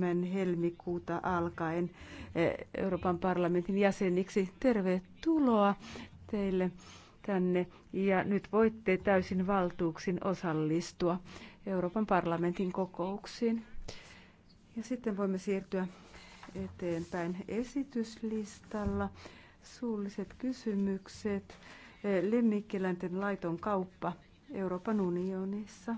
7. helmikuuta alkaen eh, Euroopan parlamentin jäseniksi. Tervetuloa teille tänne ja nyt voitte täysin valtuuksin osallistua Euroopan parlamentin kokouksiin. Ja sitten voimme siirtyä eteenpäin esityslistalla. Suulliset kysymykset. Eh, Lemmikkiläinten laiton kauppa Euroopan unionissa.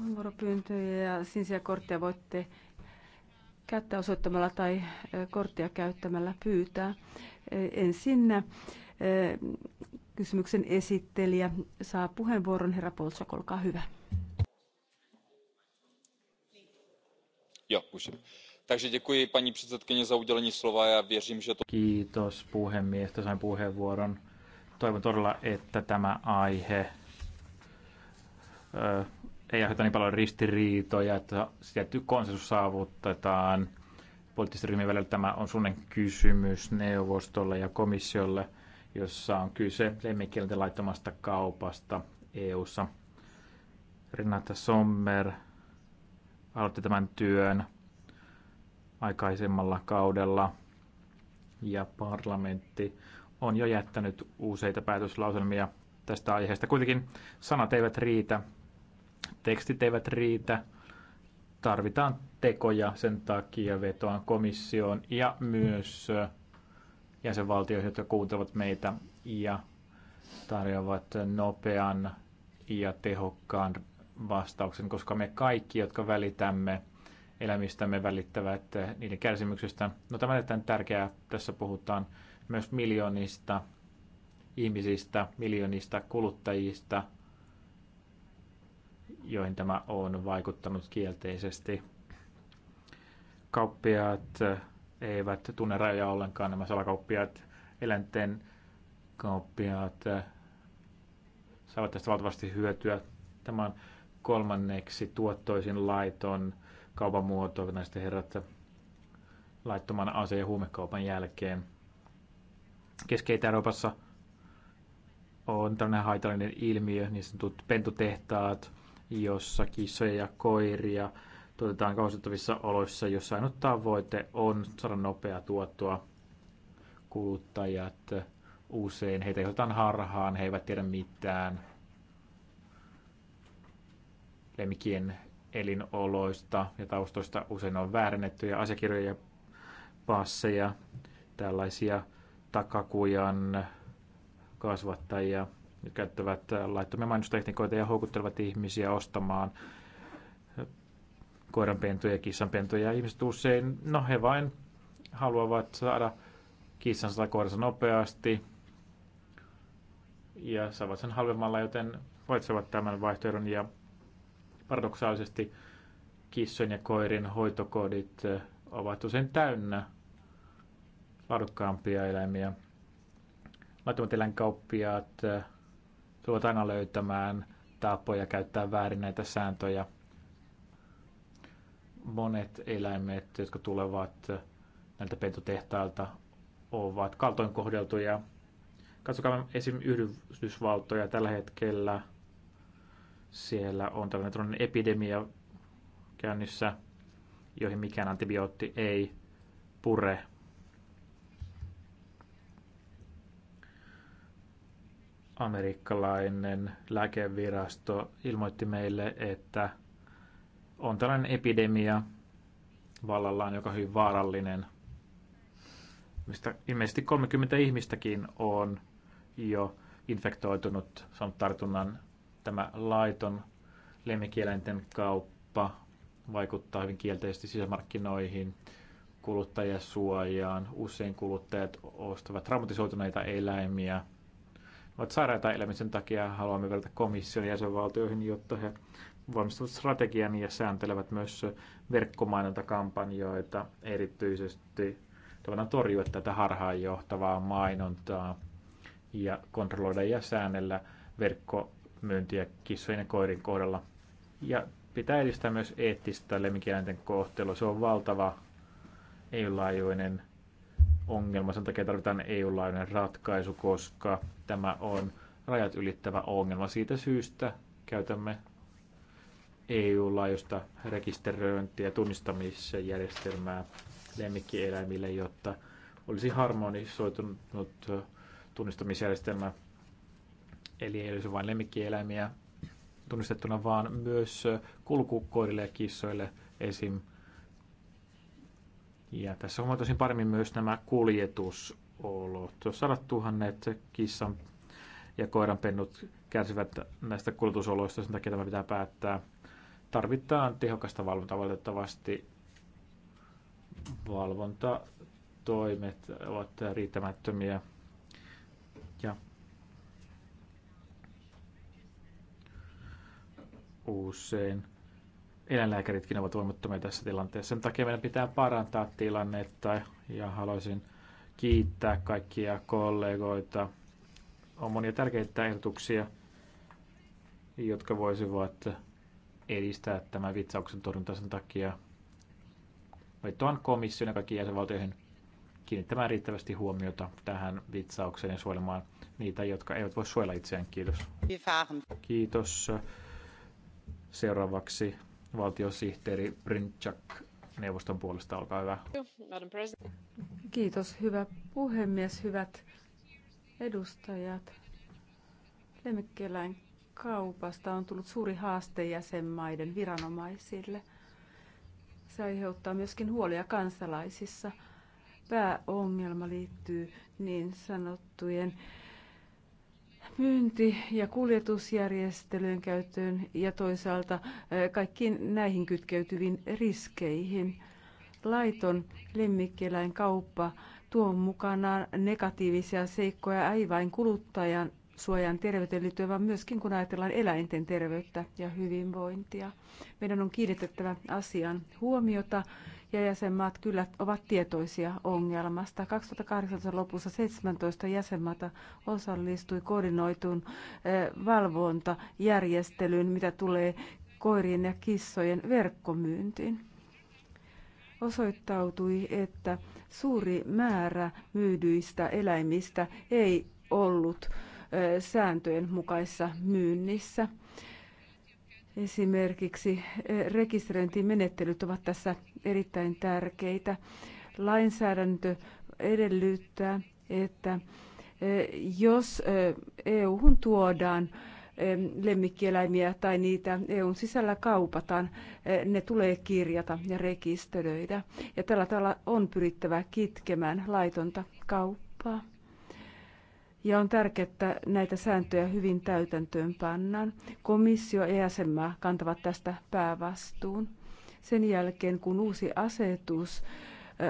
puheenvuoropyyntöjä ja sinisiä kortteja voitte käyttää osoittamalla tai korttia käyttämällä pyytää. Ensinnä kysymyksen esittelijä saa puheenvuoron. Herra Polsak, olkaa hyvä. Kiitos puhemies, että sain puheenvuoron. Toivon todella, että tämä aihe ei aiheuta niin paljon ristiriitoja, että tietty konsensus saavutetaan poliittisten ryhmien välillä. Tämä on sunnen kysymys neuvostolle ja komissiolle, jossa on kyse lemmikielten laittomasta kaupasta EU-ssa. Renata Sommer aloitti tämän työn aikaisemmalla kaudella ja parlamentti on jo jättänyt useita päätöslauselmia tästä aiheesta. Kuitenkin sanat eivät riitä tekstit eivät riitä. Tarvitaan tekoja sen takia vetoan komissioon ja myös äh, jäsenvaltioihin, jotka kuuntelevat meitä ja tarjoavat nopean ja tehokkaan vastauksen, koska me kaikki, jotka välitämme elämistämme, välittävät äh, niiden kärsimyksestä. No tämä on erittäin tärkeää. Tässä puhutaan myös miljoonista ihmisistä, miljoonista kuluttajista, joihin tämä on vaikuttanut kielteisesti. Kauppiaat eh, eivät tunne rajoja ollenkaan, nämä salakauppiaat, eläinten kauppiaat eh, saavat tästä valtavasti hyötyä. Tämä on kolmanneksi tuottoisin laiton kaupan muoto näistä herrat laittoman ase- ja huumekaupan jälkeen. keski euroopassa on tällainen haitallinen ilmiö, niin sanotut pentutehtaat, jossa kissoja ja koiria tuotetaan kausittavissa oloissa, jossa ainut tavoite on saada nopeaa tuottoa. Kuluttajat usein, heitä johdetaan harhaan, he eivät tiedä mitään lemmikien elinoloista ja taustoista usein on väärennettyjä asiakirjoja ja passeja, tällaisia takakujan kasvattajia – käyttävät äh, laittomia mainostekniikoita ja houkuttelevat ihmisiä ostamaan koiranpentuja ja kissanpentuja. Ihmiset usein, no he vain haluavat saada kissansa tai koiransa nopeasti ja saavat sen halvemmalla, joten valitsevat tämän vaihtoehdon ja paradoksaalisesti kissojen ja koirien hoitokodit äh, ovat usein täynnä laadukkaampia eläimiä. Laittomat eläinkauppiaat äh, tulevat aina löytämään tapoja käyttää väärin näitä sääntöjä. Monet eläimet, jotka tulevat näiltä pentutehtailta, ovat kaltoin kohdeltuja. Katsokaa esim. Yhdysvaltoja tällä hetkellä. Siellä on tällainen epidemia käynnissä, joihin mikään antibiootti ei pure amerikkalainen lääkevirasto ilmoitti meille, että on tällainen epidemia vallallaan, joka on hyvin vaarallinen, mistä ilmeisesti 30 ihmistäkin on jo infektoitunut, saanut tartunnan. Tämä laiton lemmikieläinten kauppa vaikuttaa hyvin kielteisesti sisämarkkinoihin, kuluttajasuojaan. Usein kuluttajat ostavat traumatisoituneita eläimiä – ovat sairaita elämisen takia. Haluamme välttää komission jäsenvaltioihin, jotta he valmistavat strategian ja sääntelevät myös verkkomainontakampanjoita, erityisesti torjua tätä harhaanjohtavaa johtavaa mainontaa ja kontrolloida ja säännellä verkkomyyntiä kissojen ja koirin kohdalla. Ja pitää edistää myös eettistä lemmikieläinten kohtelua. Se on valtava EU-laajuinen ongelma. Sen takia tarvitaan EU-lainen ratkaisu, koska tämä on rajat ylittävä ongelma. Siitä syystä käytämme EU-laajuista rekisteröintiä ja tunnistamisjärjestelmää lemmikkieläimille, jotta olisi harmonisoitunut tunnistamisjärjestelmä. Eli ei olisi vain lemmikkieläimiä tunnistettuna, vaan myös kulkukoirille ja kissoille esim. Ja tässä on tosin paremmin myös nämä kuljetusolot. Sadat tuhannet kissan ja pennut kärsivät näistä kuljetusoloista, sen takia tämä pitää päättää. Tarvitaan tehokasta valvontaa valitettavasti. Valvontatoimet ovat riittämättömiä. Ja usein eläinlääkäritkin ovat voimattomia tässä tilanteessa. Sen takia meidän pitää parantaa tilannetta ja haluaisin kiittää kaikkia kollegoita. On monia tärkeitä ehdotuksia, jotka voisivat edistää tämän vitsauksen torjuntaa sen takia vetoan komission ja kaikkiin jäsenvaltioihin kiinnittämään riittävästi huomiota tähän vitsaukseen ja suojelemaan niitä, jotka eivät voi suojella itseään. Kiitos. Kiitos. Seuraavaksi valtiosihteeri Brinchak neuvoston puolesta. Olkaa hyvä. Kiitos, hyvä puhemies, hyvät edustajat. Lemmikkieläin kaupasta on tullut suuri haaste jäsenmaiden viranomaisille. Se aiheuttaa myöskin huolia kansalaisissa. Pääongelma liittyy niin sanottujen myynti- ja kuljetusjärjestelyjen käyttöön ja toisaalta eh, kaikkiin näihin kytkeytyviin riskeihin. Laiton kauppa tuo mukanaan negatiivisia seikkoja ei vain kuluttajan suojan terveyteen liittyen, vaan myöskin kun ajatellaan eläinten terveyttä ja hyvinvointia. Meidän on kiinnitettävä asian huomiota ja jäsenmaat kyllä ovat tietoisia ongelmasta. 2018 lopussa 17 jäsenmaata osallistui koordinoituun eh, valvontajärjestelyyn, mitä tulee koirien ja kissojen verkkomyyntiin. Osoittautui, että suuri määrä myydyistä eläimistä ei ollut eh, sääntöjen mukaisessa myynnissä. Esimerkiksi eh, rekisteröintimenettelyt ovat tässä erittäin tärkeitä. Lainsäädäntö edellyttää, että eh, jos EU-hun eh, e tuodaan lemmikkieläimiä tai niitä EUn sisällä kaupataan, ne tulee kirjata ja rekisteröidä. Ja tällä tavalla on pyrittävä kitkemään laitonta kauppaa ja on tärkeää, että näitä sääntöjä hyvin täytäntöön pannaan. Komissio ja jäsenmaa kantavat tästä päävastuun. Sen jälkeen, kun uusi asetus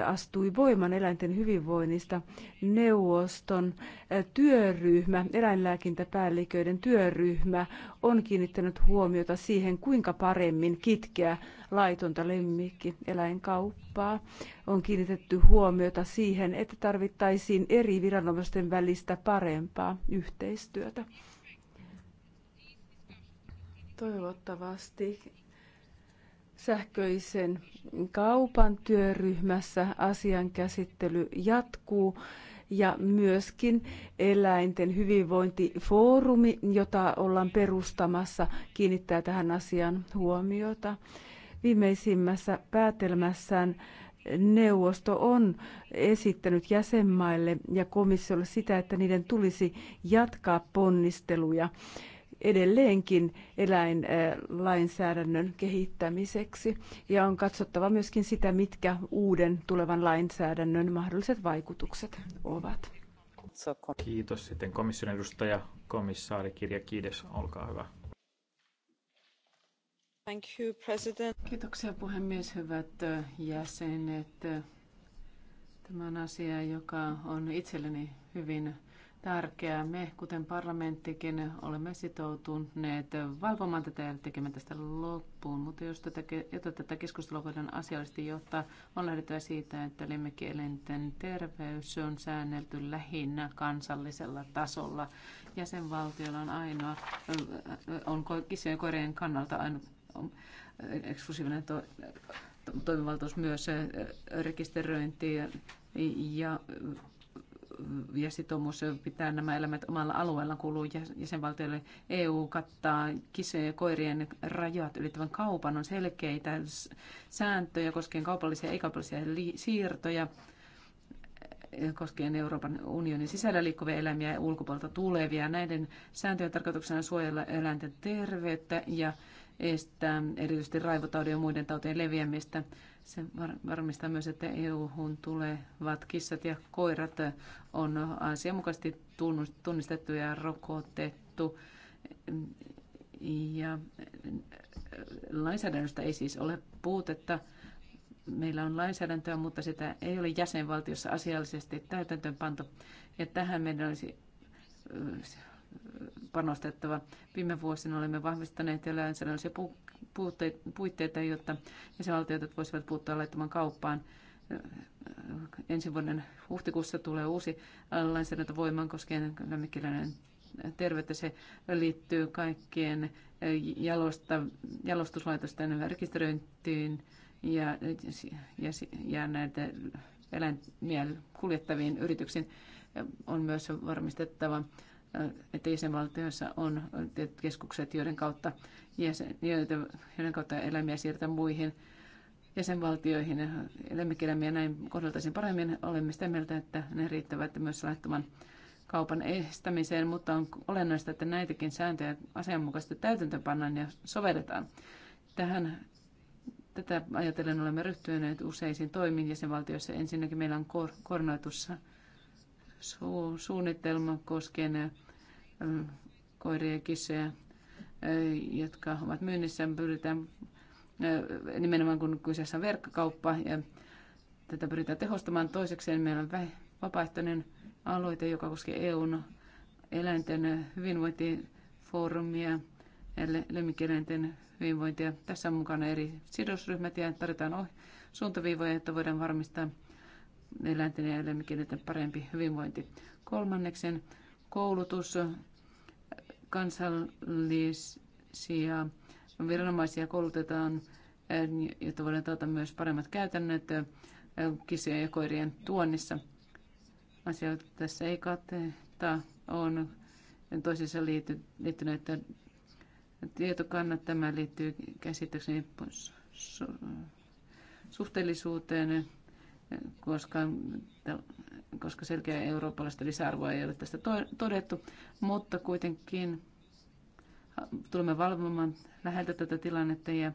astui voiman eläinten hyvinvoinnista neuvoston työryhmä, eläinlääkintäpäälliköiden työryhmä on kiinnittänyt huomiota siihen, kuinka paremmin kitkeä laitonta lemmikkieläinkauppaa. On kiinnitetty huomiota siihen, että tarvittaisiin eri viranomaisten välistä parempaa yhteistyötä. Toivottavasti sähköisen kaupan työryhmässä asian käsittely jatkuu ja myöskin eläinten hyvinvointifoorumi, jota ollaan perustamassa, kiinnittää tähän asiaan huomiota. Viimeisimmässä päätelmässään neuvosto on esittänyt jäsenmaille ja komissiolle sitä, että niiden tulisi jatkaa ponnisteluja edelleenkin eläinlainsäädännön kehittämiseksi ja on katsottava myöskin sitä, mitkä uuden tulevan lainsäädännön mahdolliset vaikutukset ovat. Kiitos. Sitten komission edustaja, komissaari Kirja Kiides, olkaa hyvä. Thank you, President. Kiitoksia puhemies, hyvät äh, jäsenet. Äh, tämä on asia, joka on itselleni hyvin tärkeää. Me, kuten parlamenttikin, olemme sitoutuneet valvomaan tätä ja tekemään tästä loppuun. Mutta jos tätä, jotta tätä keskustelua voidaan asiallisesti johtaa, on lähdettävä siitä, että lemmikkieläinten terveys on säännelty lähinnä kansallisella tasolla. Jäsenvaltiolla on ainoa, on kissojen koirien kannalta ainoa äh, eksklusiivinen to, toimivaltuus myös äh, rekisteröinti ja ja sitoumus pitää nämä elämät omalla alueellaan kuuluu jäsenvaltioille. EU kattaa kissojen ja koirien rajat ylittävän kaupan. On selkeitä sääntöjä koskien kaupallisia ja ei-kaupallisia siirtoja koskien Euroopan unionin sisällä liikkuvia eläimiä ja ulkopuolelta tulevia. Näiden sääntöjen tarkoituksena on suojella eläinten terveyttä ja estää erityisesti raivotaudin ja muiden tautien leviämistä. Se varmistaa myös, että EU-hun tulevat kissat ja koirat on asianmukaisesti tunnistettu ja rokotettu. Ja lainsäädännöstä ei siis ole puutetta meillä on lainsäädäntöä, mutta sitä ei ole jäsenvaltiossa asiallisesti täytäntöönpanto. Ja tähän meidän olisi panostettava. Viime vuosina olemme vahvistaneet jo lainsäädännöllisiä puitteita, jotta jäsenvaltiot voisivat puuttua laittamaan kauppaan. Ensi vuoden huhtikuussa tulee uusi lainsäädäntö voimaan koskien lämmikirjainen terveyttä. Se liittyy kaikkien jalosta, jalostuslaitosten rekisteröintiin ja, ja, ja näitä eläimiä kuljettaviin yrityksiin on myös varmistettava, että jäsenvaltioissa on tietyt keskukset, joiden kautta, jäsen, joiden kautta eläimiä siirtää muihin jäsenvaltioihin lemmikkieläimiä näin kohdeltaisiin paremmin. Olemme sitä mieltä, että ne riittävät myös laittoman kaupan estämiseen, mutta on olennaista, että näitäkin sääntöjä asianmukaisesti täytäntöpannaan ja sovelletaan. Tähän Tätä ajatellen olemme ryhtyneet useisiin toimiin jäsenvaltioissa. Ensinnäkin meillä on kor- koordinoitussa su- suunnitelma koskien koiria ja kissoja, jotka ovat myynnissä. Pyritään nimenomaan kun kyseessä on verkkokauppa ja tätä pyritään tehostamaan. toiseksi meillä on vapaaehtoinen aloite, joka koskee EUn eläinten hyvinvointifoorumia, lemmikkieläinten hyvinvointia. Tässä on mukana eri sidosryhmät ja tarjotaan oh- suuntaviivoja, että voidaan varmistaa eläinten ja eläimikielten parempi hyvinvointi. Kolmanneksen koulutus kansallisia viranomaisia koulutetaan, jotta voidaan taata myös paremmat käytännöt kissojen ja koirien tuonnissa. Asioita tässä ei kateta, on toisiinsa liittyneitä tietokannat. Tämä liittyy käsittääkseni suhteellisuuteen, koska, koska selkeä eurooppalaista lisäarvoa ei ole tästä todettu, mutta kuitenkin tulemme valvomaan läheltä tätä tilannetta ja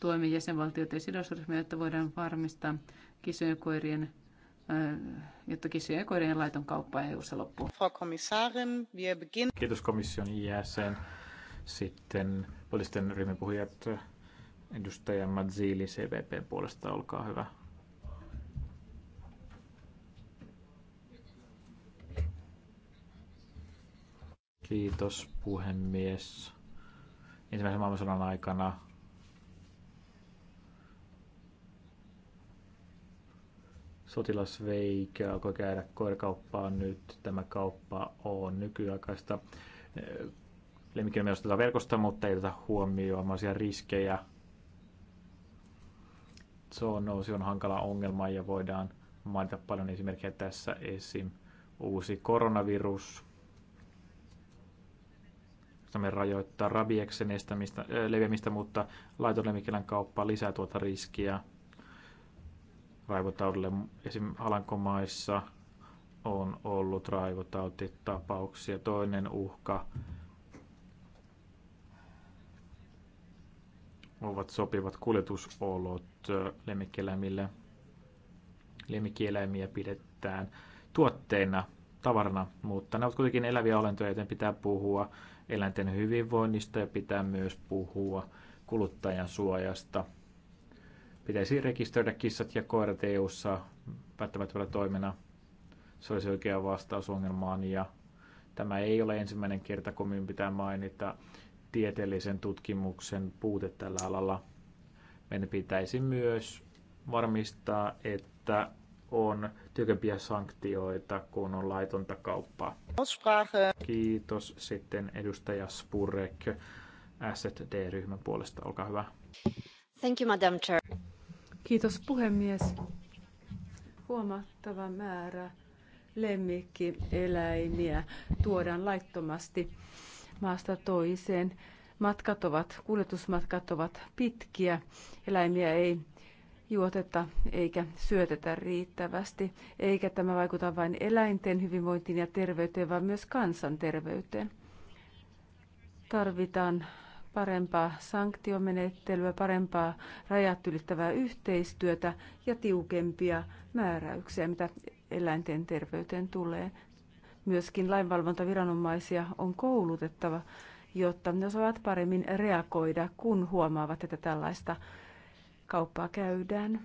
tuemme jäsenvaltioita ja sidosryhmiä, jotta voidaan varmistaa kissojen ja koirien jotta kissojen ja koirien laiton kauppa EU-ssa loppuu. Kiitos komission jäsen. Sitten poliisten ryhmäpuhujat, edustaja Madzili CVP puolesta, olkaa hyvä. Kiitos puhemies. Ensimmäisen maailmansodan aikana sotilas Veikki alkoi käydä koirakauppaa nyt. Tämä kauppa on nykyaikaista lemmikkien ostetaan verkosta, mutta ei oteta huomioimaisia riskejä. Se on hankala ongelma ja voidaan mainita paljon esimerkkejä tässä esim. uusi koronavirus, me rajoittaa rabieksen estämistä, äh, leviämistä, mutta laiton lemmikkieläin kauppa lisää tuota riskiä. Raivotaudille esim. Alankomaissa on ollut raivotautitapauksia. Toinen uhka ovat sopivat kuljetusolot lemmikkieläimille. Lemmikkieläimiä pidetään tuotteina, tavarana, mutta ne ovat kuitenkin eläviä olentoja, joten pitää puhua eläinten hyvinvoinnista ja pitää myös puhua kuluttajan suojasta. Pitäisi rekisteröidä kissat ja koirat EU-ssa päättämättömällä toimena. Se olisi oikea vastaus ongelmaan ja tämä ei ole ensimmäinen kerta, kun minun pitää mainita tieteellisen tutkimuksen puute tällä alalla. Meidän pitäisi myös varmistaa, että on tykempiä sanktioita, kun on laitonta kauppaa. Kiitos sitten edustaja Spurek SZD-ryhmän puolesta. Olkaa hyvä. Thank you, Madam Chair. Kiitos puhemies. Huomattava määrä lemmikkieläimiä tuodaan laittomasti maasta toiseen. Matkat ovat, kuljetusmatkat ovat pitkiä, eläimiä ei juoteta eikä syötetä riittävästi, eikä tämä vaikuta vain eläinten hyvinvointiin ja terveyteen, vaan myös kansanterveyteen. Tarvitaan parempaa sanktiomenettelyä, parempaa rajat ylittävää yhteistyötä ja tiukempia määräyksiä, mitä eläinten terveyteen tulee myöskin lainvalvontaviranomaisia on koulutettava, jotta ne osaavat paremmin reagoida, kun huomaavat, että tällaista kauppaa käydään.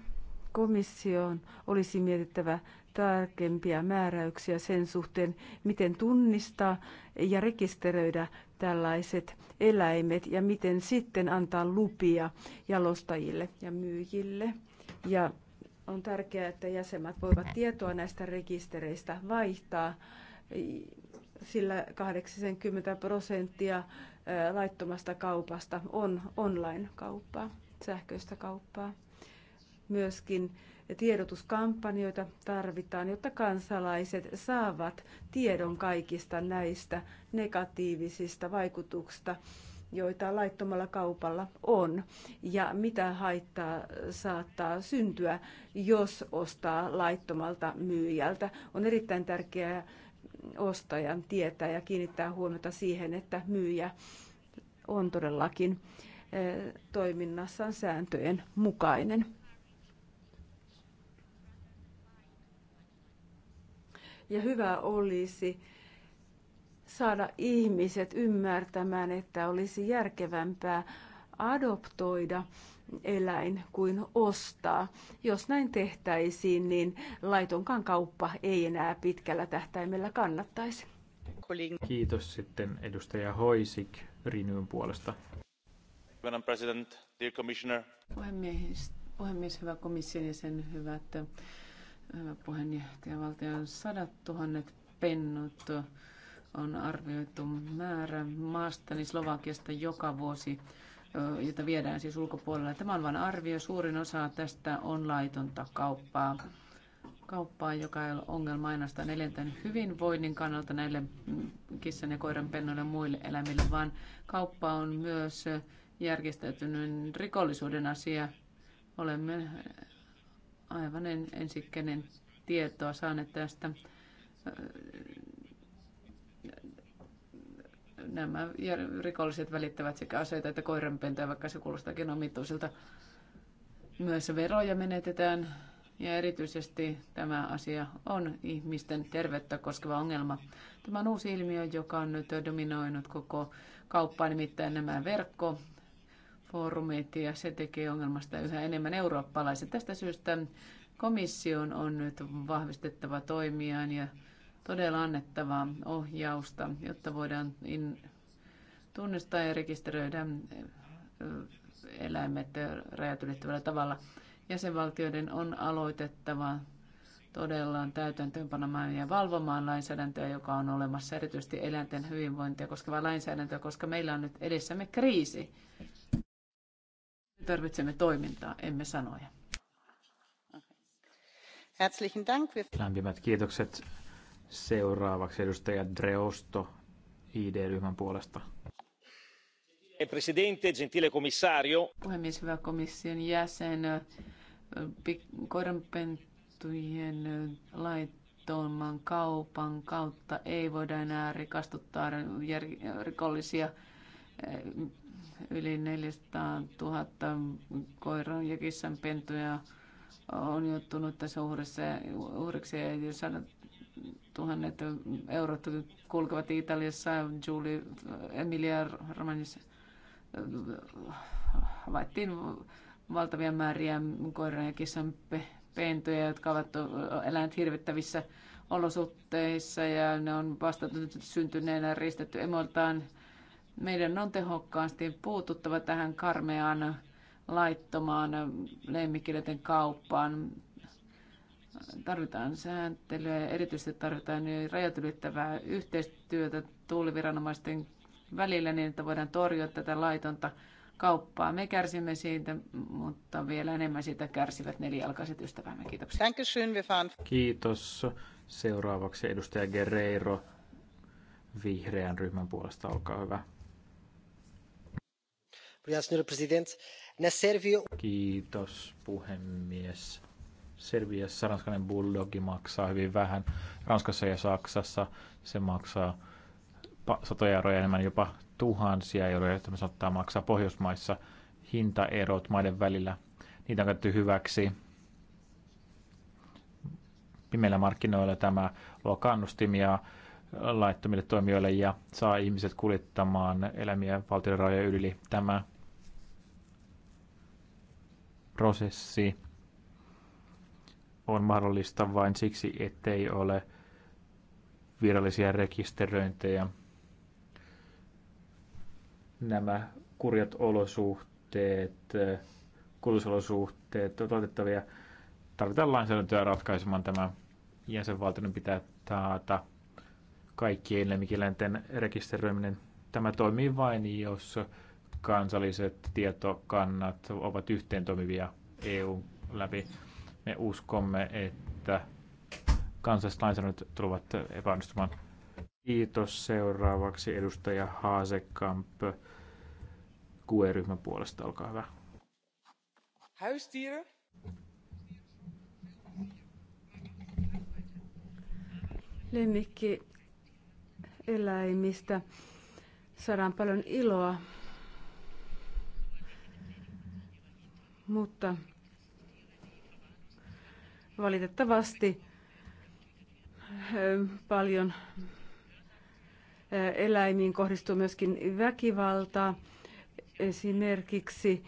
Komission olisi mietittävä tarkempia määräyksiä sen suhteen, miten tunnistaa ja rekisteröidä tällaiset eläimet ja miten sitten antaa lupia jalostajille ja myyjille. Ja on tärkeää, että jäsenmät voivat tietoa näistä rekistereistä vaihtaa sillä 80 prosenttia laittomasta kaupasta on online-kauppaa, sähköistä kauppaa. Myöskin tiedotuskampanjoita tarvitaan, jotta kansalaiset saavat tiedon kaikista näistä negatiivisista vaikutuksista, joita laittomalla kaupalla on, ja mitä haittaa saattaa syntyä, jos ostaa laittomalta myyjältä. On erittäin tärkeää ostajan tietää ja kiinnittää huomiota siihen, että myyjä on todellakin eh, toiminnassaan sääntöjen mukainen. Ja hyvä olisi saada ihmiset ymmärtämään, että olisi järkevämpää adoptoida eläin kuin ostaa. Jos näin tehtäisiin, niin laitonkaan kauppa ei enää pitkällä tähtäimellä kannattaisi. Kiitos sitten edustaja Hoisik Rinyyn puolesta. Madam President, dear Commissioner. Puhemies, puhemies hyvä komission jäsen, hyvät puheenjohtajavaltion sadat tuhannet pennut on arvioitu määrä maastani niin Slovakiasta joka vuosi jota viedään siis ulkopuolella. Tämä on vain arvio. Suurin osa tästä on laitonta kauppaa. Kauppaa, joka ei ole ongelma ainoastaan eläinten hyvinvoinnin kannalta näille kissan ja koiran pennoille ja muille eläimille, vaan kauppa on myös järjestäytynyt rikollisuuden asia. Olemme aivan ensikkäinen tietoa saaneet tästä nämä rikolliset välittävät sekä aseita että koiranpentoja, vaikka se kuulostakin omituisilta. Myös veroja menetetään ja erityisesti tämä asia on ihmisten terveyttä koskeva ongelma. Tämä on uusi ilmiö, joka on nyt dominoinut koko kauppaa, nimittäin nämä verkko foorumit ja se tekee ongelmasta yhä enemmän eurooppalaiset. Tästä syystä komission on nyt vahvistettava toimiaan ja todella annettavaa ohjausta, jotta voidaan tunnistaa ja rekisteröidä eh, eläimet rajat ylittävällä tavalla. Jäsenvaltioiden on aloitettava todella täytäntöönpanomaan ja valvomaan lainsäädäntöä, joka on olemassa, erityisesti eläinten hyvinvointia koskevaa lainsäädäntöä, koska meillä on nyt edessämme kriisi. tarvitsemme toimintaa, emme sanoja. Herzlichen Dank. Lämpimät kiitokset Seuraavaksi edustaja Dreosto ID-ryhmän puolesta. Eh, presidente, gentile commissario. Puhemies, hyvä komission jäsen. Koiranpentujen laittoman kaupan kautta ei voida enää rikastuttaa rikollisia yli 400 000 koiran ja kissan pentuja on joutunut tässä uhreksi ja sadat tuhannet eurot kulkevat Italiassa, Julie, Emilia Romanissa havaittiin valtavia määriä koiran ja kissan pentuja, jotka ovat eläneet hirvittävissä olosuhteissa ja ne on vasta syntyneenä ristetty emoltaan. Meidän on tehokkaasti puututtava tähän karmeaan laittomaan lemmikkieläinten kauppaan tarvitaan sääntelyä ja erityisesti tarvitaan niin rajat ylittävää yhteistyötä tuuliviranomaisten välillä niin, että voidaan torjua tätä laitonta kauppaa. Me kärsimme siitä, mutta vielä enemmän siitä kärsivät nelijalkaiset ystävämme. Kiitoksia. Kiitos. Seuraavaksi edustaja Guerreiro vihreän ryhmän puolesta. Olkaa hyvä. Kiitos puhemies. Serbiassa ranskalainen bulldogi maksaa hyvin vähän. Ranskassa ja Saksassa se maksaa satoja euroja enemmän, jopa tuhansia euroja, että me saattaa maksaa Pohjoismaissa hintaerot maiden välillä. Niitä on käytetty hyväksi. Pimeillä markkinoilla tämä luo kannustimia laittomille toimijoille ja saa ihmiset kuljettamaan eläimiä valtion rajojen yli. Tämä prosessi on mahdollista vain siksi, ettei ole virallisia rekisteröintejä. Nämä kurjat olosuhteet, kulutusolosuhteet ovat otettavia. Tarvitaan lainsäädäntöä ratkaisemaan tämä. Jäsenvaltioiden pitää taata kaikkien lemmikkieläinten rekisteröiminen. Tämä toimii vain, jos kansalliset tietokannat ovat yhteen toimivia EUn läpi me uskomme, että kansalliset lainsäädännöt tulevat epäonnistumaan. Kiitos. Seuraavaksi edustaja Haasekamp QE-ryhmän puolesta. Olkaa hyvä. Huistieren. Lemmikki eläimistä saadaan paljon iloa, mutta Valitettavasti paljon eläimiin kohdistuu myöskin väkivaltaa. Esimerkiksi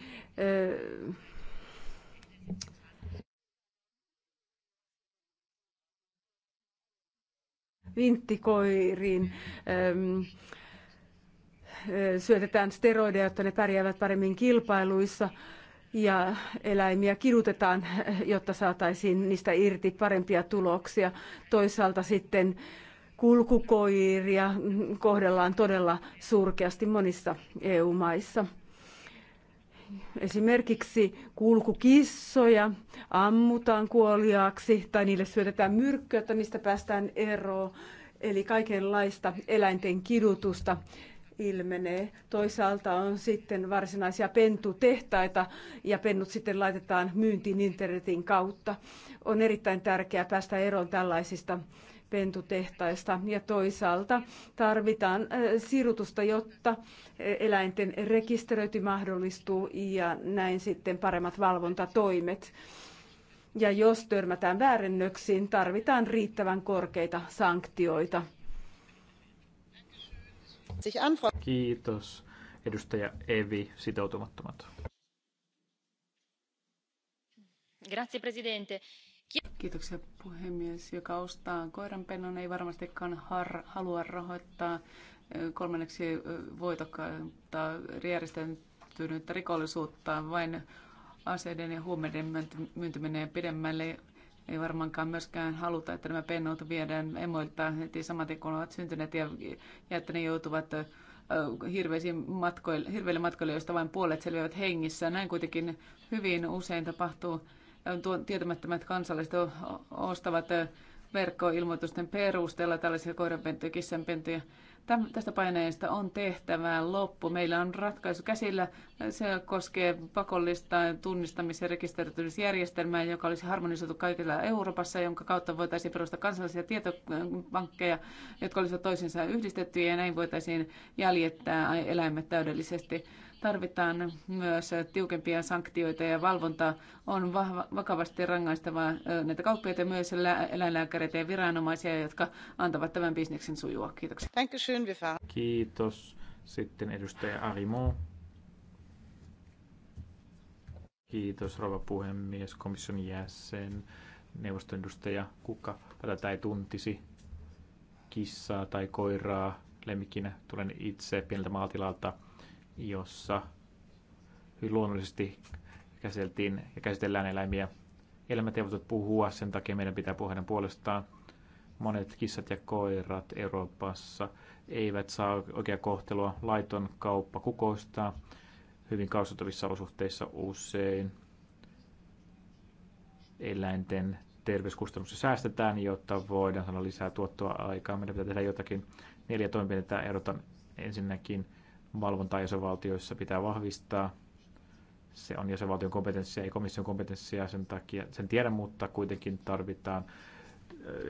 vinttikoiriin syötetään steroideja, jotta ne pärjäävät paremmin kilpailuissa ja eläimiä kidutetaan, jotta saataisiin niistä irti parempia tuloksia. Toisaalta sitten kulkukoiria kohdellaan todella surkeasti monissa EU-maissa. Esimerkiksi kulkukissoja ammutaan kuoliaaksi tai niille syötetään myrkkyä, että mistä päästään eroon. Eli kaikenlaista eläinten kidutusta ilmenee. Toisaalta on sitten varsinaisia pentutehtaita ja pennut sitten laitetaan myyntiin internetin kautta. On erittäin tärkeää päästä eroon tällaisista pentutehtaista ja toisaalta tarvitaan äh, sirutusta, jotta äh, eläinten rekisteröinti mahdollistuu ja näin sitten paremmat valvontatoimet. Ja jos törmätään väärennöksiin, tarvitaan riittävän korkeita sanktioita Kiitos, edustaja Evi, sitoutumattomat. Grazie, presidente. Kiitoksia puhemies. Joka ostaa koiranpennon ei varmastikaan har, halua rahoittaa kolmanneksi voitokkaita järjestäytynyttä rikollisuutta, vain aseiden ja huumeiden myynti menee pidemmälle. Ei varmaankaan myöskään haluta, että nämä pennut viedään emoilta heti samaten kun ovat syntyneet ja, ja että ne joutuvat matkoille, hirveille matkoille, joista vain puolet selviävät hengissä. Näin kuitenkin hyvin usein tapahtuu. Tuo, tietämättömät kansalaiset ostavat verkkoilmoitusten perusteella tällaisia koiranpentuja, kissanpentuja Tästä paineesta on tehtävä loppu. Meillä on ratkaisu käsillä. Se koskee pakollista tunnistamis- ja rekisteröitymisjärjestelmää, joka olisi harmonisoitu kaikilla Euroopassa, jonka kautta voitaisiin perustaa kansallisia tietopankkeja, jotka olisivat toisiinsa yhdistettyjä ja näin voitaisiin jäljittää eläimet täydellisesti. Tarvitaan myös tiukempia sanktioita ja valvontaa. On vahva, vakavasti rangaistavaa näitä kauppiaita ja myös eläinlääkäreitä ja viranomaisia, jotka antavat tämän bisneksen sujua. Kiitoksia. Kiitos. Sitten edustaja Arimo. Kiitos, rouva puhemies, komission jäsen, neuvoston edustaja. Kuka tätä ei tuntisi? Kissaa tai koiraa, lemmikkinä. Tulen itse pieneltä maatilalta jossa hyvin luonnollisesti käsiteltiin ja käsitellään eläimiä. Eläimet eivät puhua, sen takia meidän pitää puhua heidän puolestaan. Monet kissat ja koirat Euroopassa eivät saa oikea kohtelua. Laiton kauppa kukoistaa hyvin kaustuttavissa olosuhteissa usein. Eläinten terveyskustannuksia säästetään, jotta voidaan saada lisää tuottoa aikaa. Meidän pitää tehdä jotakin. Neljä toimenpidettä erotan ensinnäkin – valvontaa jäsenvaltioissa pitää vahvistaa. Se on jäsenvaltion kompetenssia, ei komission kompetenssia sen takia, sen tiedän, mutta kuitenkin tarvitaan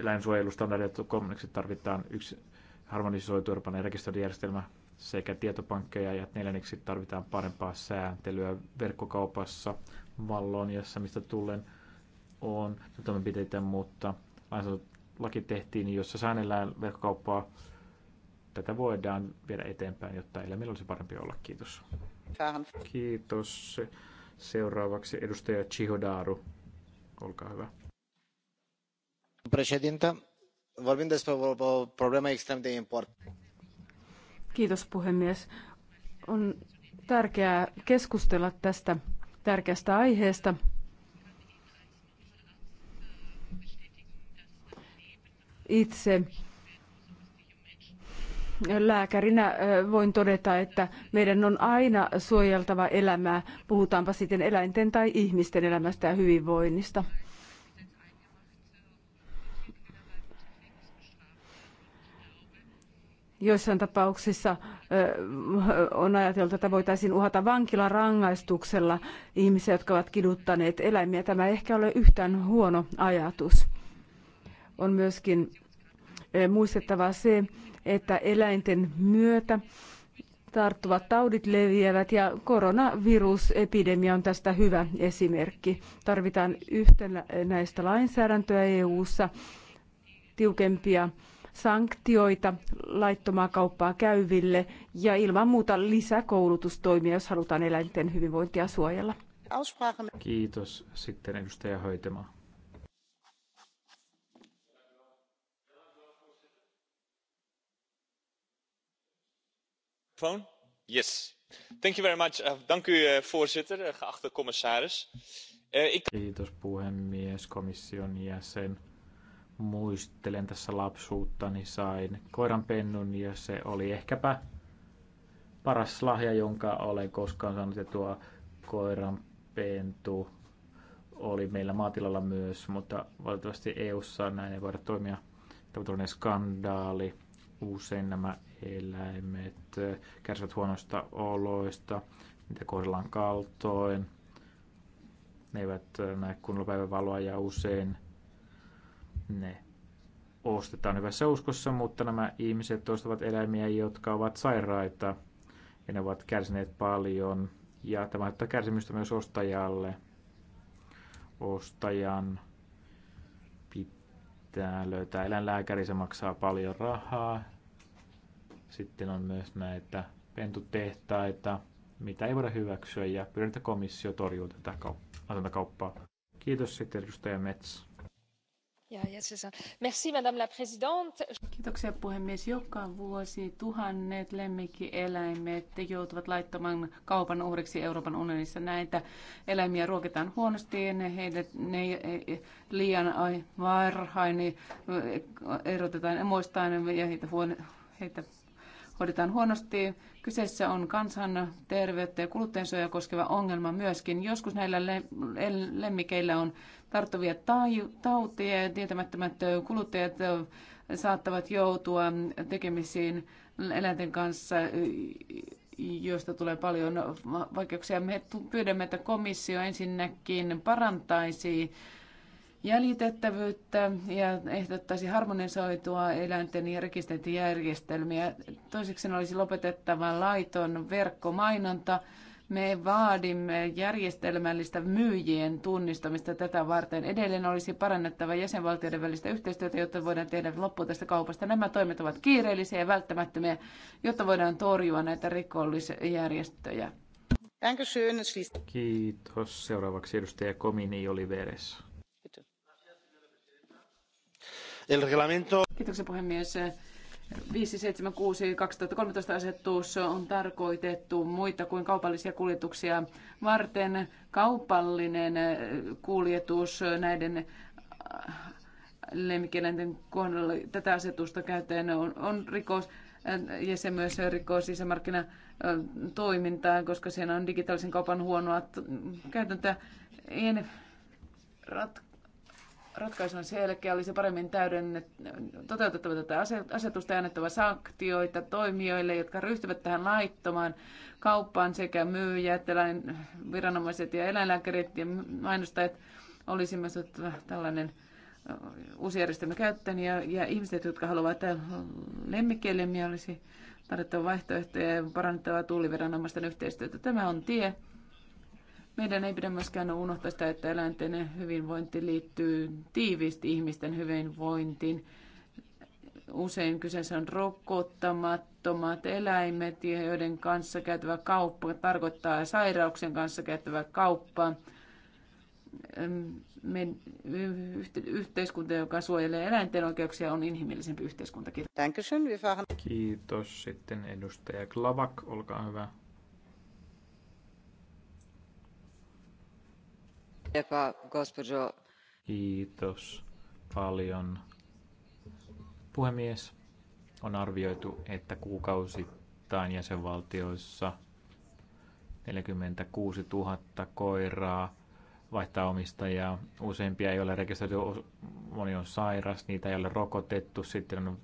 eläinsuojelustandardit, kolmanneksi tarvitaan yksi harmonisoitu Euroopan rekisterijärjestelmä sekä tietopankkeja ja neljänneksi tarvitaan parempaa sääntelyä verkkokaupassa Valloniassa, mistä tullen on toimenpiteitä, mutta laki tehtiin, jossa säännellään verkkokauppaa tätä voidaan viedä eteenpäin, jotta elämillä olisi parempi olla. Kiitos. Kiitos. Seuraavaksi edustaja Chihodaru. Olkaa hyvä. Presidenta, vorbim despre o problemă extrem de importantă. Kiitos puhemies. On tärkeää keskustella tästä tärkeästä aiheesta. Itse lääkärinä voin todeta, että meidän on aina suojeltava elämää, puhutaanpa sitten eläinten tai ihmisten elämästä ja hyvinvoinnista. Joissain tapauksissa on ajateltu, että voitaisiin uhata vankilarangaistuksella ihmisiä, jotka ovat kiduttaneet eläimiä. Tämä ei ehkä ole yhtään huono ajatus. On myöskin muistettava se, että eläinten myötä tarttuvat taudit leviävät ja koronavirusepidemia on tästä hyvä esimerkki. Tarvitaan yhtenäistä lainsäädäntöä EU-ssa, tiukempia sanktioita laittomaa kauppaa käyville ja ilman muuta lisäkoulutustoimia, jos halutaan eläinten hyvinvointia suojella. Kiitos. Sitten edustaja Hoitema. Eh, eh, voorzitter eh, geachte commissaris Kiitos puhemies, komission jäsen. Muistelen tässä lapsuuttani sain koiranpennun ja se oli ehkäpä paras lahja, jonka olen koskaan saanut. Ja tuo koiranpentu oli meillä maatilalla myös, mutta valitettavasti EU:ssa näin ei voida toimia. Tämä on skandaali Usein nämä eläimet äh, kärsivät huonoista oloista, niitä kohdellaan kaltoin, ne eivät äh, näe kunnolla päivävaloa ja usein ne ostetaan hyvässä uskossa, mutta nämä ihmiset ostavat eläimiä, jotka ovat sairaita ja ne ovat kärsineet paljon ja tämä aiheuttaa kärsimystä myös ostajalle. Ostajan pitää löytää eläinlääkäri, se maksaa paljon rahaa. Sitten on myös näitä pentutehtaita, mitä ei voida hyväksyä, ja pyydän, että komissio torjuu tätä kaup- kauppaa. Kiitos sitten edustaja Mets. Ja, yes, Merci, madame la présidente. Kiitoksia puhemies. Joka vuosi tuhannet lemmikkieläimet joutuvat laittamaan kaupan uhriksi Euroopan unionissa. Näitä eläimiä ruokitaan huonosti, ne, heidät, ne liian varhain eh, erotetaan emoistaan ja heitä, huone, heitä hoidetaan huonosti. Kyseessä on kansan terveyttä ja kuluttajansuojaa koskeva ongelma myöskin. Joskus näillä lemmikeillä on tarttuvia tautia ja tietämättömät kuluttajat saattavat joutua tekemisiin eläinten kanssa, joista tulee paljon vaikeuksia. Me pyydämme, että komissio ensinnäkin parantaisi jäljitettävyyttä ja ehdottaisi harmonisoitua eläinten ja rekisteröintijärjestelmiä. Toiseksi olisi lopetettava laiton verkkomainonta me vaadimme järjestelmällistä myyjien tunnistamista tätä varten. Edelleen olisi parannettava jäsenvaltioiden välistä yhteistyötä, jotta voidaan tehdä loppu tästä kaupasta. Nämä toimet ovat kiireellisiä ja välttämättömiä, jotta voidaan torjua näitä rikollisjärjestöjä. Kiitos. Seuraavaksi edustaja Komini Oliveres. Kiitoksia puhemies 576 2013 asetus on tarkoitettu muita kuin kaupallisia kuljetuksia varten. Kaupallinen äh, kuljetus näiden äh, lemmikkieläinten kohdalla tätä asetusta käyttäen on, on rikos äh, ja se myös rikkoo sisämarkkinatoimintaa, koska siinä on digitaalisen kaupan huonoa käytäntöä. En ratka- ratkaisu on selkeä, olisi paremmin täydennet, toteutettava tätä asetusta ja annettava sanktioita toimijoille, jotka ryhtyvät tähän laittomaan kauppaan sekä myyjät, viranomaiset ja eläinlääkärit ja mainostajat. Olisi myös tällainen uusi järjestelmä käyttäen ja, ja ihmiset, jotka haluavat lemmikkieläimiä, olisi tarjottava vaihtoehtoja ja parannettava tuuliviranomaisten yhteistyötä. Tämä on tie, meidän ei pidä myöskään unohtaa sitä, että eläinten hyvinvointi liittyy tiiviisti ihmisten hyvinvointiin. Usein kyseessä on rokottamattomat eläimet, joiden kanssa käytävä kauppa tarkoittaa sairauksien kanssa käytävä kauppa. me, yhteiskunta, joka suojelee eläinten oikeuksia, on inhimillisempi yhteiskunta. Kiitos. Kiitos. Sitten edustaja Klavak, olkaa hyvä. Kiitos paljon. Puhemies, on arvioitu, että kuukausittain jäsenvaltioissa 46 000 koiraa vaihtaa omistajaa. Useimpia ei ole rekisteröity, moni on sairas, niitä ei ole rokotettu, sitten on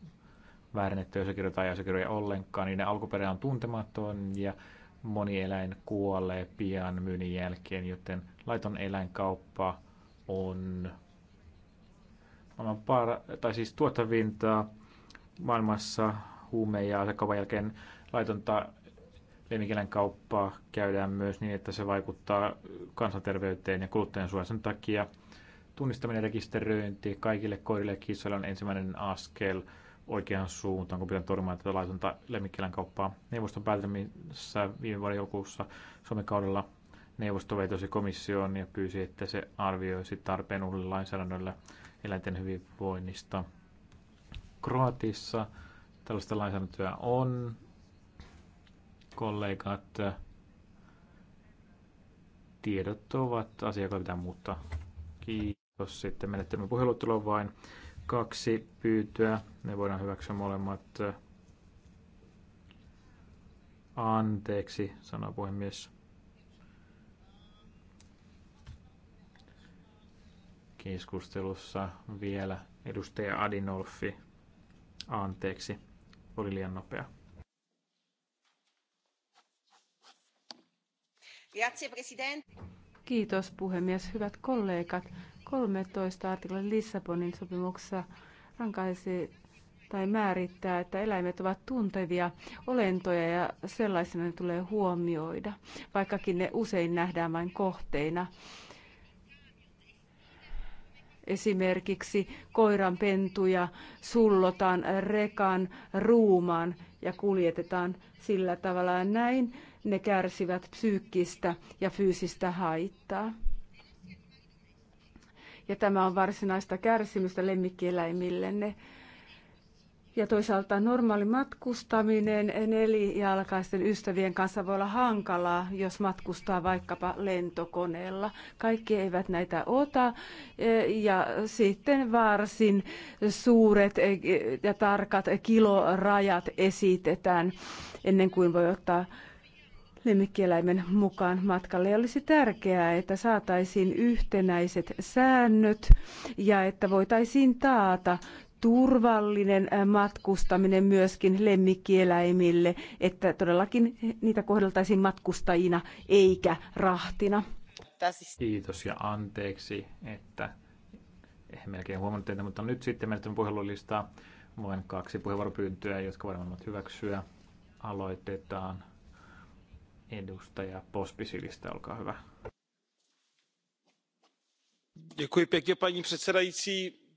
väärennetty osakirjoja tai osakirjoja ollenkaan. Niiden alkuperä on tuntematon ja moni eläin kuolee pian myynnin jälkeen, joten laiton eläinkauppa on maailman par- tai siis tuottavinta maailmassa huume- ja asekaupan jälkeen laitonta kauppaa käydään myös niin, että se vaikuttaa kansanterveyteen ja kuluttajan suojan takia. Tunnistaminen ja rekisteröinti kaikille koirille ja kissoille on ensimmäinen askel oikeaan suuntaan, kun pitää torjumaan tätä laitonta kauppaa. Neuvoston päätelmissä viime vuoden joulukuussa Suomen kaudella neuvosto vetosi komissioon ja pyysi, että se arvioisi tarpeen uudelle lainsäädännöllä eläinten hyvinvoinnista. Kroatissa tällaista lainsäädäntöä on. Kollegat, äh, tiedot ovat asiakkaita pitää muuttaa. Kiitos. Sitten menettelyn puheluttelu on vain kaksi pyytöä. Ne voidaan hyväksyä molemmat. Äh, anteeksi, sanoo puhemies. keskustelussa vielä edustaja Adinolfi. Anteeksi, oli liian nopea. Kiitos puhemies. Hyvät kollegat, 13 artikla Lissabonin sopimuksessa rankaisee tai määrittää, että eläimet ovat tuntevia olentoja ja sellaisena ne tulee huomioida, vaikkakin ne usein nähdään vain kohteina. Esimerkiksi koiranpentuja sullotaan rekan ruumaan ja kuljetetaan sillä tavalla näin. Ne kärsivät psyykkistä ja fyysistä haittaa. Ja tämä on varsinaista kärsimystä lemmikkieläimillenne. ne ja toisaalta normaali matkustaminen nelijalkaisten ystävien kanssa voi olla hankalaa, jos matkustaa vaikkapa lentokoneella. Kaikki eivät näitä ota e, ja sitten varsin suuret e, ja tarkat kilorajat esitetään ennen kuin voi ottaa lemmikkieläimen mukaan matkalle. Ja olisi tärkeää, että saataisiin yhtenäiset säännöt ja että voitaisiin taata turvallinen äh, matkustaminen myöskin lemmikkieläimille, että todellakin niitä kohdeltaisiin matkustajina eikä rahtina. Kiitos ja anteeksi, että en melkein huomannut teitä, mutta nyt sitten menettämme puhelulistaa. Voin kaksi puheenvuoropyyntöä, jotka varmaan hyväksyä. Aloitetaan edustaja Pospisilistä, olkaa hyvä. Děkuji pěkně, paní předsedající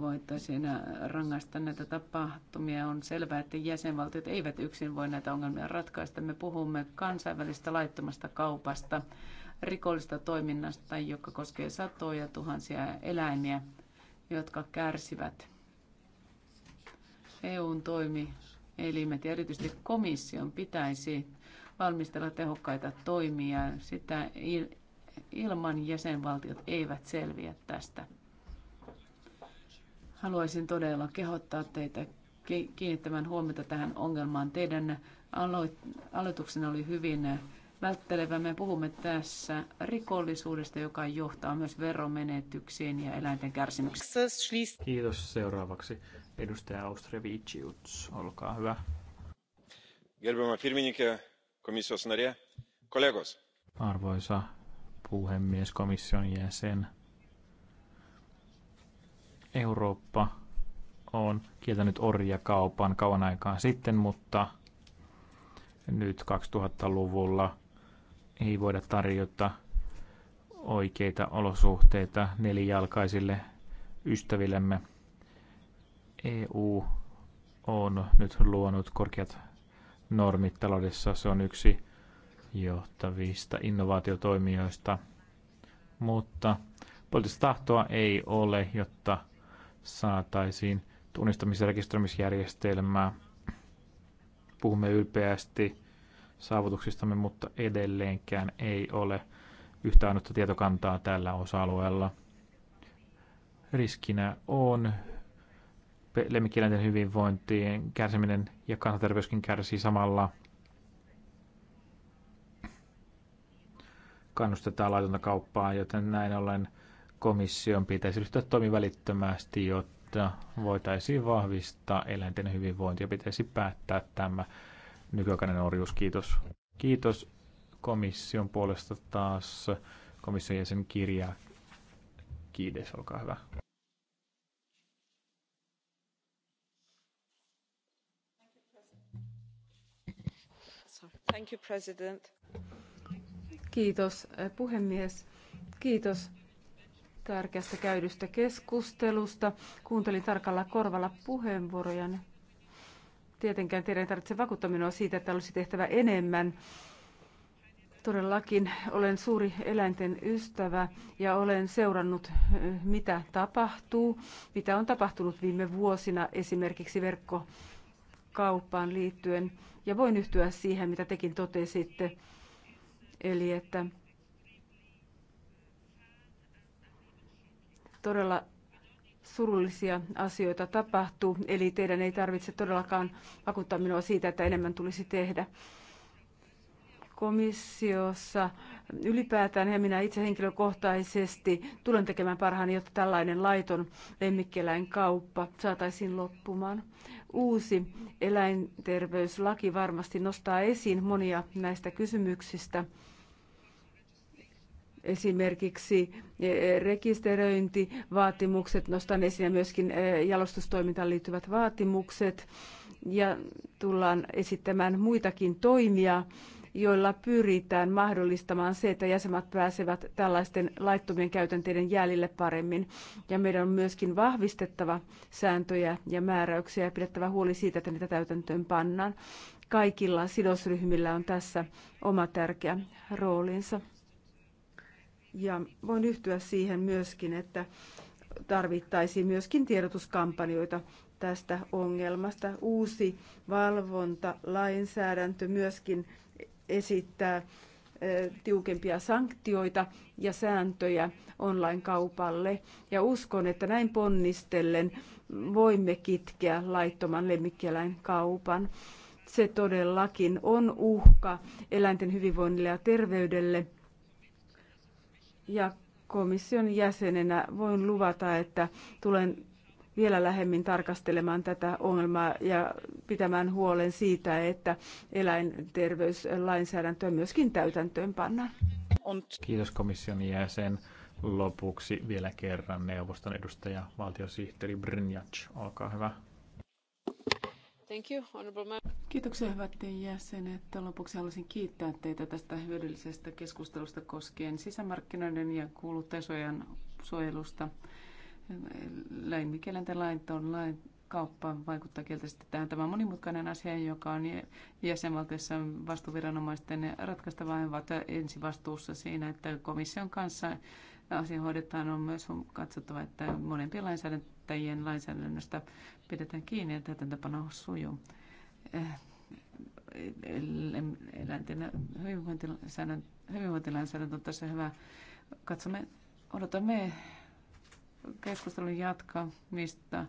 voitaisiin äh, rangaista näitä tapahtumia. On selvää, että jäsenvaltiot eivät yksin voi näitä ongelmia ratkaista. Me puhumme kansainvälistä laittomasta kaupasta, rikollista toiminnasta, joka koskee satoja tuhansia eläimiä, jotka kärsivät. EUn toimielimet ja erityisesti komission pitäisi valmistella tehokkaita toimia sitä ilman jäsenvaltiot eivät selviä tästä. Haluaisin todella kehottaa teitä kiinnittämään huomiota tähän ongelmaan. Teidän aloituksena oli hyvin välttelevä. Me puhumme tässä rikollisuudesta, joka johtaa myös veromenetyksiin ja eläinten kärsimyksiin. Kiitos. Seuraavaksi edustaja Austrevicius, olkaa hyvä. Gerbiama firminike, komissio narė, kollegos. Arvoisa puhemies, komission jäsen, Eurooppa on kieltänyt orjakaupan kauan aikaa sitten, mutta nyt 2000-luvulla ei voida tarjota oikeita olosuhteita nelijalkaisille ystävillemme. EU on nyt luonut korkeat normit taloudessa. Se on yksi johtavista innovaatiotoimijoista, mutta poliittista tahtoa ei ole, jotta saataisiin tunnistamis- ja rekisteröimisjärjestelmää. Puhumme ylpeästi saavutuksistamme, mutta edelleenkään ei ole yhtä ainutta tietokantaa tällä osa-alueella. Riskinä on lemmikkieläinten hyvinvointiin kärsiminen ja kansanterveyskin kärsii samalla. Kannustetaan laitonta kauppaa, joten näin ollen – komission pitäisi ryhtyä välittömästi, jotta voitaisiin vahvistaa eläinten hyvinvointia. Pitäisi päättää tämä nykyaikainen orjuus. Kiitos. Kiitos komission puolesta taas komission jäsen kirja. Kiides, olkaa hyvä. Thank you, President. Kiitos eh, puhemies. Kiitos tärkeästä käydystä keskustelusta. Kuuntelin tarkalla korvalla puheenvuoroja. Tietenkään teidän ei tarvitse vakuuttaa minua siitä, että olisi tehtävä enemmän. Todellakin olen suuri eläinten ystävä ja olen seurannut, mitä tapahtuu, mitä on tapahtunut viime vuosina esimerkiksi verkkokauppaan liittyen. Ja voin yhtyä siihen, mitä tekin totesitte, eli että todella surullisia asioita tapahtuu, eli teidän ei tarvitse todellakaan vakuuttaa minua siitä, että enemmän tulisi tehdä. Komissiossa ylipäätään ja minä itse henkilökohtaisesti tulen tekemään parhaani, jotta tällainen laiton lemmikkieläinkauppa saataisiin loppumaan. Uusi eläinterveyslaki varmasti nostaa esiin monia näistä kysymyksistä esimerkiksi e, rekisteröintivaatimukset, nostan esiin ja myöskin e, jalostustoimintaan liittyvät vaatimukset ja tullaan esittämään muitakin toimia, joilla pyritään mahdollistamaan se, että jäsenmaat pääsevät tällaisten laittomien käytänteiden jäljille paremmin. Ja meidän on myöskin vahvistettava sääntöjä ja määräyksiä ja pidettävä huoli siitä, että niitä täytäntöön pannaan. Kaikilla sidosryhmillä on tässä oma tärkeä roolinsa. Ja voin yhtyä siihen myöskin, että tarvittaisiin myöskin tiedotuskampanjoita tästä ongelmasta. Uusi valvonta, lainsäädäntö myöskin esittää tiukempia sanktioita ja sääntöjä online-kaupalle. Ja uskon, että näin ponnistellen voimme kitkeä laittoman lemmikkieläinkaupan. kaupan se todellakin on uhka eläinten hyvinvoinnille ja terveydelle ja komission jäsenenä voin luvata, että tulen vielä lähemmin tarkastelemaan tätä ongelmaa ja pitämään huolen siitä, että eläinterveyslainsäädäntöä myöskin täytäntöön pannaan. Kiitos komission jäsen. Lopuksi vielä kerran neuvoston edustaja valtiosihteeri Brynjac, olkaa hyvä. Thank you, honorable Kiitoksia hyvät jäsenet. Lopuksi haluaisin kiittää teitä tästä hyödyllisestä keskustelusta koskien sisämarkkinoiden ja kuluttajasuojan suojelusta. Läimikielenten laiton lain kauppa vaikuttaa kielteisesti tähän. Tämä monimutkainen asia, joka on jäsenvaltiossa vastuuviranomaisten ratkaistava. He ensi vastuussa siinä, että komission kanssa asia hoidetaan, on myös katsottava, että molempien lainsäädäntäjien lainsäädännöstä pidetään kiinni ja täytäntöpano sujuu. Eh, eläinten hyvinvointilainsäädäntö on tässä hyvä. Katsomme, odotamme keskustelun jatkamista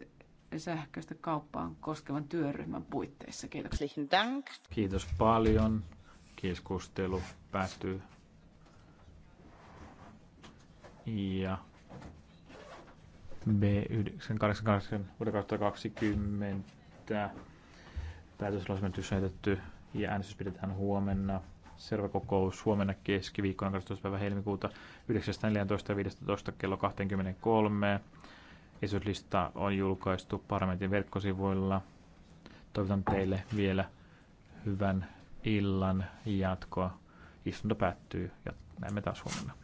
eh, sähköistä kauppaan koskevan työryhmän puitteissa. Kiitoksia. Kiitos paljon. Keskustelu päättyy ja B988 vuoden 2020 päätöslausmentys on jätetty ja äänestys pidetään huomenna. Seuraava kokous huomenna keskiviikkona 12. päivä helmikuuta 9.14.15 kello 23. Esityslista on julkaistu parlamentin verkkosivuilla. Toivotan teille vielä hyvän illan jatkoa. Istunto päättyy ja näemme taas huomenna.